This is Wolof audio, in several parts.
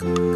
Thank you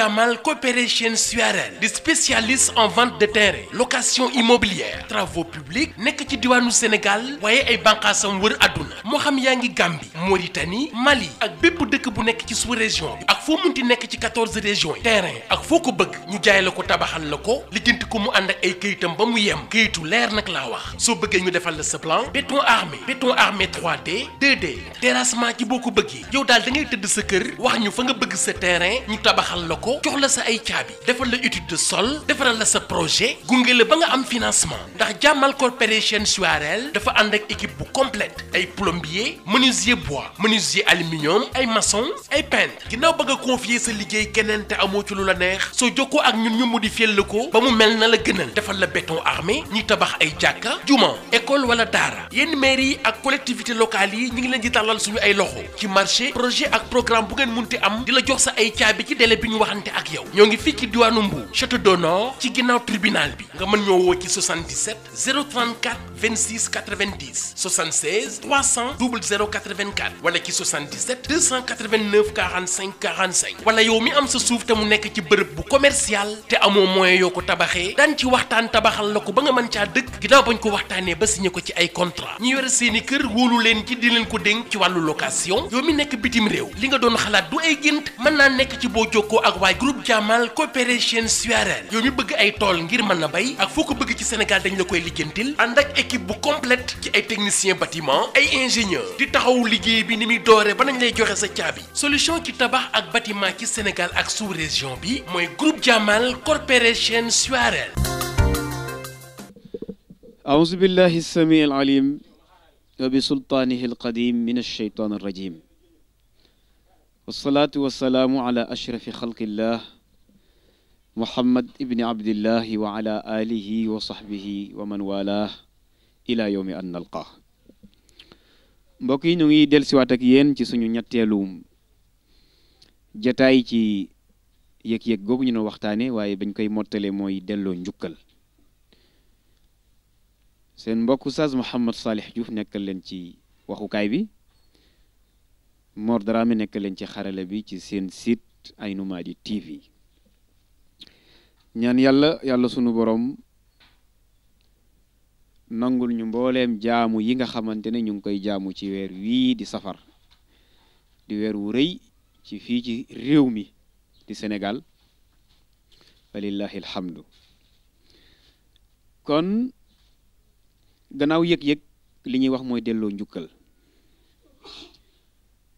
Amal Cooperation Suarel Des spécialistes en vente de terrain location immobilière travaux publics nek ci diwanu Sénégal waaye ay bànqaasam wër aduna. moo xam yaa Gambie Mauritanie Mali ak bép dëkk bu nek ci sous-région ak fo munti nek ci 14 régions terrain ak foo ko bëgg ñu jaay lako ko tabaxal la ko ko mu and ak ay kayitam ba mu yem Kayitu lèr nak la wax So bëggee ñu défal la ce plan béton armé béton armé 3D 2D terrassement ci boo bëggé. yow dal da ngay tëdd sa kër wax ñu fa nga bëgg sa terrain ñu tabaxal la ko jox la sa ay caabi defal la étude de sol defaral la sa projet gunge la ba nga am financement ndax Jamal corporation Suarel dafa ànd ak équipe bu complète ay plombier menuisier bois menuisier aluminium ay maçon ay peintre ginnaaw bëgg a confier sa liggéey keneen te amoo ci lu la neex so jokkoo ak ñun ñu modifier la ko ba mu mel na la gënal defal la béton armé ñi tabax ay jaka juma école wala dara yenn mairie yi ak collectivité locale yi ñi ngi leen di talal suñu ay loxo ci marché projet ak programme bu ngeen munti am di la jox sa ay caabi ci délai bi ñu wax waxante ak yow ñoo ngi fii ci diwaanu château d'honneur ci ginnaaw tribunal bi nga mën ñoo woo ci 77 034 26 90 76 300 0084 wala ci 77 289 45 45 wala yow mi am sa suuf te mu nekk ci bërëb bu commercial te amoo moyen yoo ko tabaxee daan ci waxtaan tabaxal la ko ba nga mën caa dëkk ginnaaw bañ ko waxtaanee ba signé ko ci ay contrat ñu yore seeni kër wóolu leen ci di leen ko dénk ci wàllu location yow mi nekk bitim réew li nga doon xalaat du ay gént mën naa nekk ci boo jokkoo ak waaye groupe Jamal Corporation Suarel yow mi bëgg ay tool ngir mën na bay ak foo ko bëgg ci Sénégal dañu la koy liggéentil ànd ak équipe bu complète ci ay technicien batiment ay ingénieur di taxawul liggéey bi ni muy doore ba nañ lay joxe sa caabi solution ci tabax ak batiment ci Sénégal ak sous région bi mooy groupe Jamal Corporation Suarel أعوذ بالله السميع العليم وبسلطانه القديم من الشيطان الرجيم والصلاة والسلام على أشرف خلق الله محمد ابن عبد الله وعلى آله وصحبه ومن والاه إلى يوم أن نلقاه مبكي نوي دل سوات كيان تسنو نتعلوم جتاي تي يك يك غوب نينو وقتاني واي بن كي مرتلي موي دل لون جوكل سين مبكو ساز محمد صالح جوف نكال لنتي وخو كايبي Mor Dramé nekk leen ci xarale bi ci seen sit site Aynu Maadi TV ñaan yàlla yàlla sunu boroom nangul ñu mbooleem jaamu yi nga xamante ne ñu ngi koy jaamu ci weer wii di safar di weer wu rëy ci fii ci réew mi di Sénégal walillahi alhamdu kon gannaaw yëg-yëg li ñuy wax mooy delloo njukkal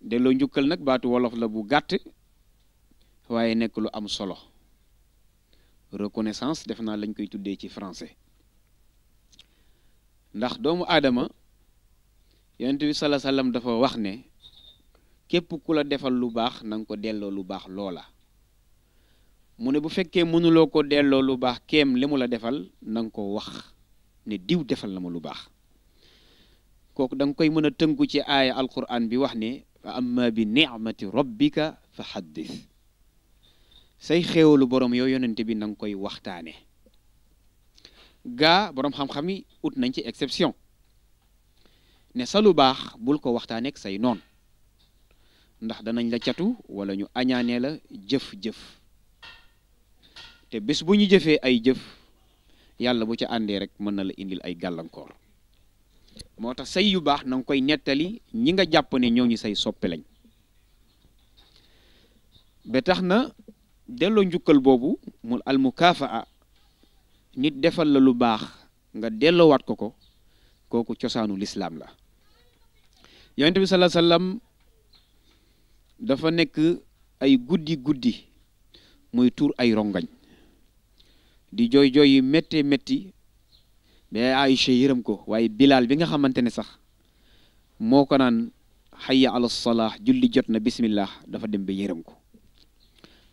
delloo njukkal nag baatu wolof la bu gàtt waaye nekk lu am solo reconnaissance def naa lañ koy tuddee ci français ndax doomu aadama yonent bi sala dafa wax ne képp ku la defal lu baax nanga ko delloo lu baax loola mu ne bu fekkee mënuloo ko delloo lu baax kéem li mu la defal nanga nga ko wax ne diw defal na ma lu baax kooku danga koy mën a tënku ci aaya alquran bi wax ne fa amma bi nicmati rabbika fa xaddis say xéewalu borom yow yonente bi na koy waxtaane gaa boroom xam-xam yi ut nañ ci exception ne sa lu baax bul ko waxtaaneek say noon ndax danañ la catu wala ñu añaanee la jëf-jëf te bés bu ñu jëfee ay jëf yàlla bu ca àndee rek mën na la indil ay gàllankoor moo tax say yu baax na koy nettali ñi nga jàpp ne ñooñu say soppe lañ ba tax na delloo njukkal boobu mu almukafaa nit defal la lu baax nga delloowaat ko ko kooku cosaanu lislaam la yonent bi salaa dafa nekk ay guddi guddi muy tuur ay rongañ di jooy jooy yi méttee métti be Aïcha yërëm ko waaye bilal bi nga xamantene sax moko nan hayya ala salah julli jotna bismillah dafa dem be yeeram ko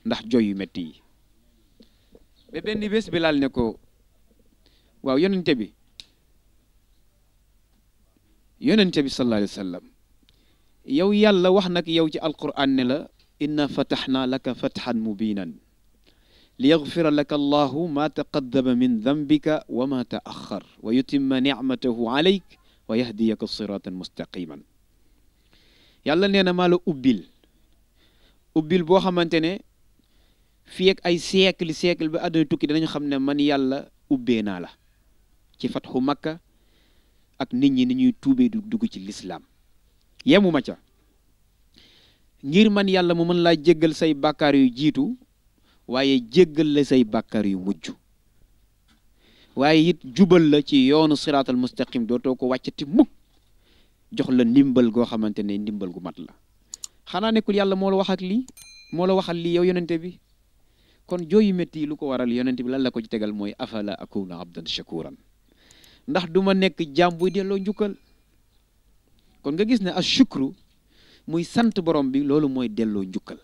ndax joy yu metti be ben benn bés Bilaal ne ko waw yonente bi yonente bi sallallahu alayhi wasallam yow yàlla wax nak yow ci alquran ne la inna fatahna laka fathan mubinan ليغفر لك الله ما تقدم من ذنبك وما تأخر ويتم نعمته عليك ويهديك الصراط مستقيما يلا نينا مالو أبيل أبيل بوها مانتيني فيك أي سيكل سيكل بأدن توكي دنين خمنا من يلا أبينا له كي فتح مكة أك نيني نيني توبي دوكي الإسلام يمو ماتا نير من يلا ممن لا جيغل سي باكاري جيتو waaye jéggal la say bakkar yu mujj waaye it jubal la ci yoonu siraatal mustaqim dootoo ko wàccati mukk jox la ndimbal goo xamante ne ndimbal gu mat la xanaa nekkul yàlla moo la wax ak lii moo la waxal lii yow yonente bi kon jooyu métti yi lu ko waral yonente bi lan la ko ci tegal mooy afala akuna abdan shakuran ndax du ma nekk jaam buy delloo njukkal kon nga gis ne as muy sant borom bi loolu mooy delloo njukkal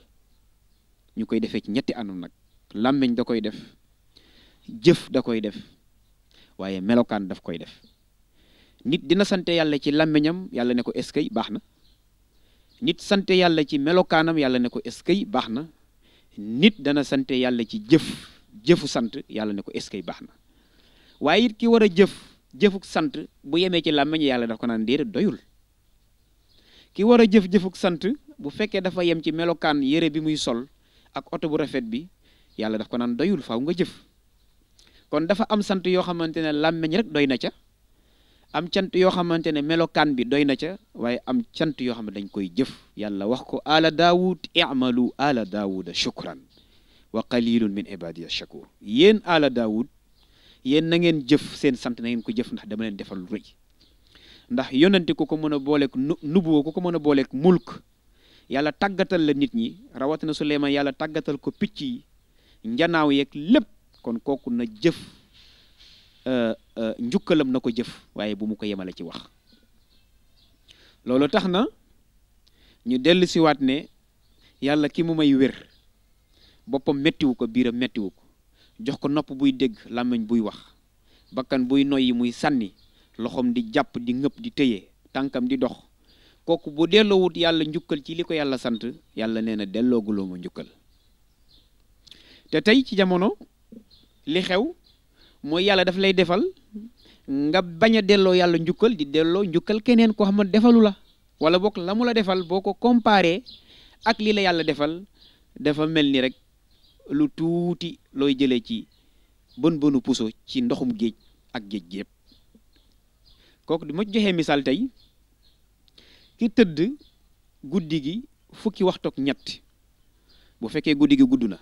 ñu koy defee ci ñetti anam nag làmmiñ da koy def jëf da koy def waaye melokaan daf koy def nit dina sante yàlla ci làmmiñam yàlla ne ko eskay baax na nit sante yàlla ci melokaanam yàlla ne ko eskay baax na nit dana sante yàlla ci jëf jëfu sant yàlla ne ko eskay baax na waaye it ki war a jëf jëfuk sant bu yemee ci làmmiñ yàlla daf ko naan déedéet doyul ki war a jëf jëfuk sant bu fekkee dafa yem ci melokaan yére bi muy sol ak oto bu rafet bi yàlla daf ko naan doyul faw nga jëf kon dafa am sant yoo xamante ne làmmeñ rek doy na ca am cant yoo xamante ne melokaan bi doy na ca waaye am cant yoo xam ne dañ koy jëf yàlla wax ko ala daawud i'malu ala daawuda shukran wa qalilun min ibadiya shakur yéen ala daawud yéen na ngeen jëf seen sant na ngeen ko jëf ndax dama leen defal lu rëy ndax yonente ku ko mën a booleeg nubuwa ku ko mën a booleeg mulk yàlla tàggatal la nit ñi rawatina Suleymaan yàlla tàggatal ko picc yi njanaaw yeeg lépp kon kooku na jëf euh, euh, njukkalam na ko jëf waaye bu mu ko yemale ci wax loolu tax na ñu dellu siwaat ne yàlla ki mu may wér boppam mettiwu ko biiram mettiwu ko jox ko nopp buy dégg làmmiñ buy wax bakkan buy noyyi muy sànni loxoom di jàpp di ngëpp di tëye tànkam di dox kook bu delloowut yàlla njukkal ci li ko yàlla sant yàlla nee na dellooguloo ma njukkal te tey ci jamono li xew mooy yàlla daf lay defal nga bañ a delloo yàlla njukkal di delloo njukkal keneen koo xam ne defalu la wala bokk la mu la defal boo ko comparé ak li la yàlla defal dafa mel ni rek lu tuuti looy jële ci bën bënu puso ci ndoxum géej ak géej gi kooku di ma joxee misaal tey ki tëdd guddi gi fukki waxtu ñett bu fekkee guddi gi gudd na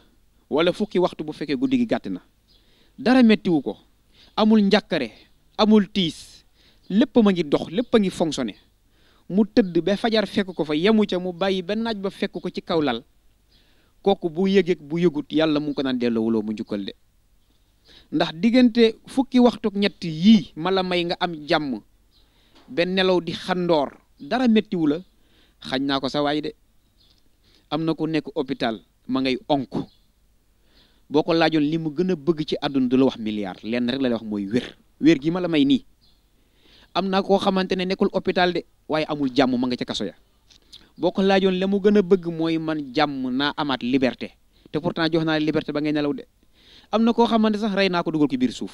wala fukki waxtu bu fekkee guddi gi gàtt na dara mettiwu ko amul njàkkare amul tiis lépp ma ngi dox lépp a ngi fonctionné mu tëdd ba fajar fekk ko fa yemu ca mu bàyyi ba naaj ba fekk ko ci kaw lal kooku bu yëgeeg bu yëgut yàlla mu ko naan delloo wuloo mu njukkal de ndax diggante fukki waxtu ñett yii ma la may nga am jàmm ba nelaw di xandoor dara méttiwu la xañ naa ko sax waay de am na ko nekk hôpital ma ngay onk boo ko laajoon li mu gën a bëgg ci àdduna du la wax milliard lenn rek la lay wax mooy wér wér gi ma la may nii am na koo xamante ne nekkul hôpital de waaye amul jàmm ma nga ci kaso ya boo ko laajoon la mu gën a bëgg mooy man jàmm naa amaat liberté te pourtant jox naa liberté ba ngay nelaw de am na koo xamante sax rey naa ko dugal ko biir suuf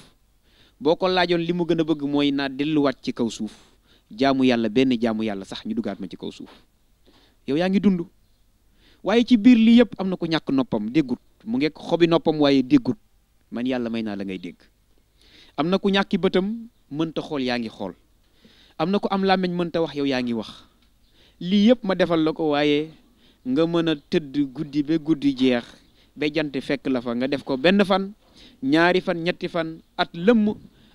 boo ko laajoon li mu gën a bëgg mooy naa delluwaat ci kaw suuf jaamu yalla benn jaamu yalla sax ñu dugaat ma ci kaw suuf yow yaa ngi dund waaye ci biir lii yëpp am na ko ñàkk noppam déggut mu ngeek xobi noppam waaye déggut man yàlla may naa la ngay dégg am na ku ñàkki bëtam mënta xool yaa ngi xool am na ko am làmmiñ mënta wax yow yaa ngi wax lii yëpp ma defal la ko waaye nga mën a tëdd guddi ba guddi jeex ba jant fekk la fa nga def ko benn fan ñaari fan ñetti fan at lëmm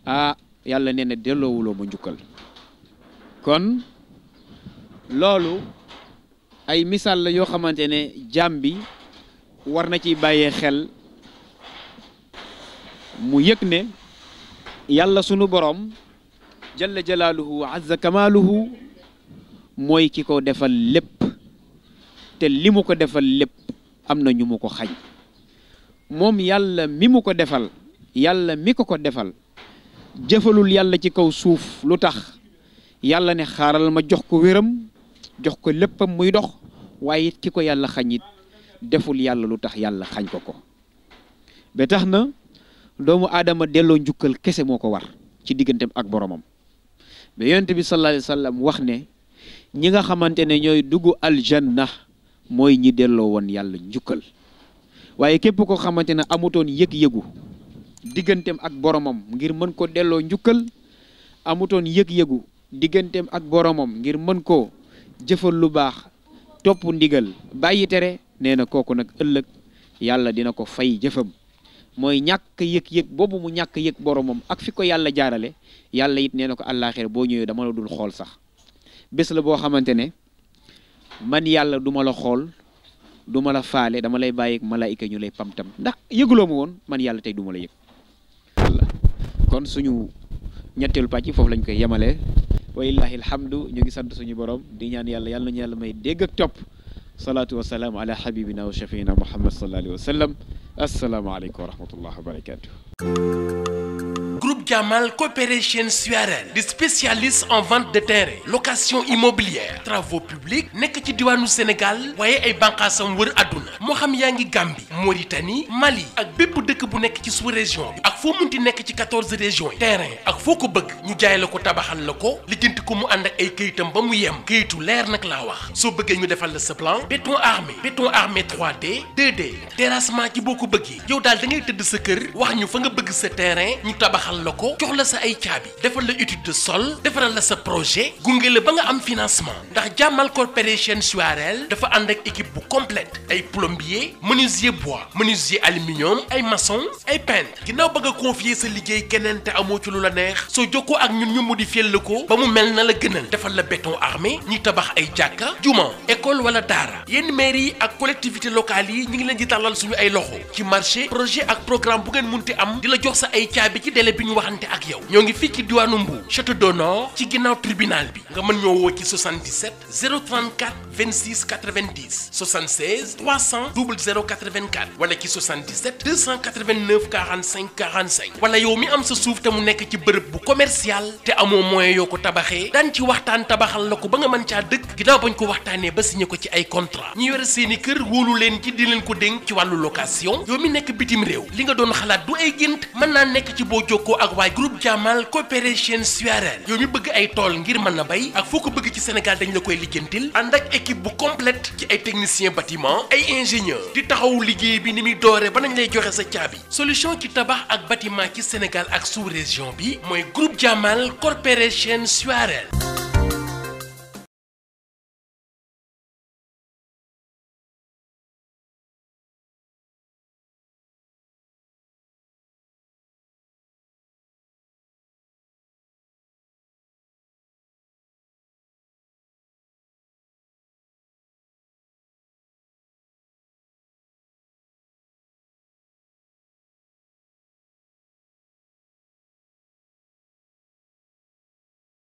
ah yàlla nee delo delloowuloo ma njukkal kon lolu ay misal la yo xamantene jambi jaam war na ci baye xel mu yekne yàlla sunu borom jalla jalaluhu azza kamaluhu moy kiko defal lépp te li ko defal lépp amna na ñu mu ko xañ moom yàlla mi mu ko defal yàlla mi ko ko defal jëfalul yàlla ci kaw suuf lutax tax yàlla ne xaaral ma jox ko wéram jox ko léppam muy dox waaye it ki ko yàlla xañ deful yàlla lu tax yàlla xañ ko ko ba tax na doomu aadama delloo njukkal kese moo ko war ci digganteem ak boroomam ba yonent bi sallallahu alayhi wa wax ne ñi nga xamante ne ñooy dugg aljanna mooy ñi delloo woon yàlla njukkal waaye képp ko xamante ne amutoon yëg-yëgu digganteem ak boromam ngir mën ko delloo njukkal amutoon yëg-yëgu digganteem ak boromam ngir mën koo jëfal lu baax topp ndigal bàyyi tere nee na kooku nag ëllëg yàlla dina ko fay jëfam mooy ñàkk yëg-yëg boobu mu ñàkk yëg boromam ak fi ko yàlla jaarale yàlla it nee na ko àllaaxira boo ñëwee dama la dul xool sax bés la boo xamante ne man yàlla duma la xool duma la faale dama lay bàyyi malaayika ñu lay pamtam ndax yëguloo ma woon man yàlla tey duma la yëg kon suñu ñetteelu pàcc foofu lañ koy yemale walillahi alhamdu ñu ngi sant suñu borom di ñaan yàlla yàlla nañu yàlla may dégg ak topp salaatu wa salaam ala habibina wa shafiina muhammad sallallahu alayhi wa sallam assalaamu aleykum wa rahmatullah wa barakatuh Diop Diamal Corporation Suarel des spécialistes en vente de terrain location immobilière travaux publics nekk ci diwaanu Sénégal waaye ay bànqaasam wër Aduna, moo xam yaa Gambie Mauritanie Mali ak bépp dëkk bu nekk ci sous-région Et ak foo munti nekk ci quatorze régions terrain ak foo ko bëgg ñu jaay la ko tabaxal la ko lijjanti ko mu ànd ak ay këyitam ba mu yem këyitu leer nag laa wax soo ñu plan béton armé béton armé 3D 2D terrassement ci boo ko bëggee yow de da ngay tëdd sa kër wax ñu fa nga sa terrain ñu tabaxal ko jox la sa ay tiabi defal la étude de sol defal la sa projet gunge ba nga am financement ndax jamal corporation Suarel dafa and ak équipe bu complète ay plombier menuisier bois menuisier aluminium ay maçon ay peintre ginnaaw ba nga confier sa liggéey keneen te amoo ci lu la neex so jokkoo ak ñun ñu modifier le ko ba mu mel na la gënal defal la béton armé ñi tabax ay jaka juma école wala dara yeen mairie ak collectivité locale yi ñi ngi leen di talal suñu ay loxo ci marché projet ak programme bu ngeen munti am di jox sa ay tiabi ci délai bi ñu waxante ak yow ñoo ngi fii ci diwaanu Mbour château d'honneur ci ginnaaw tribunal bi nga mën ñoo woo ci 77 034 26 90 76 300 00 84 wala ci 77 289 45 45 wala yow mi am sa suuf te mu nekk ci bërëb bu commercial te amoo moyen yoo ko tabaxee daan ci waxtaan tabaxal la ko ba nga mën caa dëkk ginnaaw bañ ko waxtaanee ba signé ko ci ay contrat ñu yore seeni kër wóolu leen ci di leen ko dénk ci wàllu location yow mi nekk bitim réew li nga doon xalaat du ay gént mën naa nekk ci boo jokkoo ak waa groupe Jamal coopération suarel yow mi bëgg ay tool ngir mën na bay ak foo ko bëgg ci Sénégal dañ la koy lijjantil ànd équipe complète qui est techniciens bâtiment et ingénieurs qui taxawu liggéey bi ni mi dooree ba nañ lay joxe sa caabi solution qui tabakh ak bâtiment qui Sénégal ak sous-région bi moy groupe Jamal Corporation Suarel.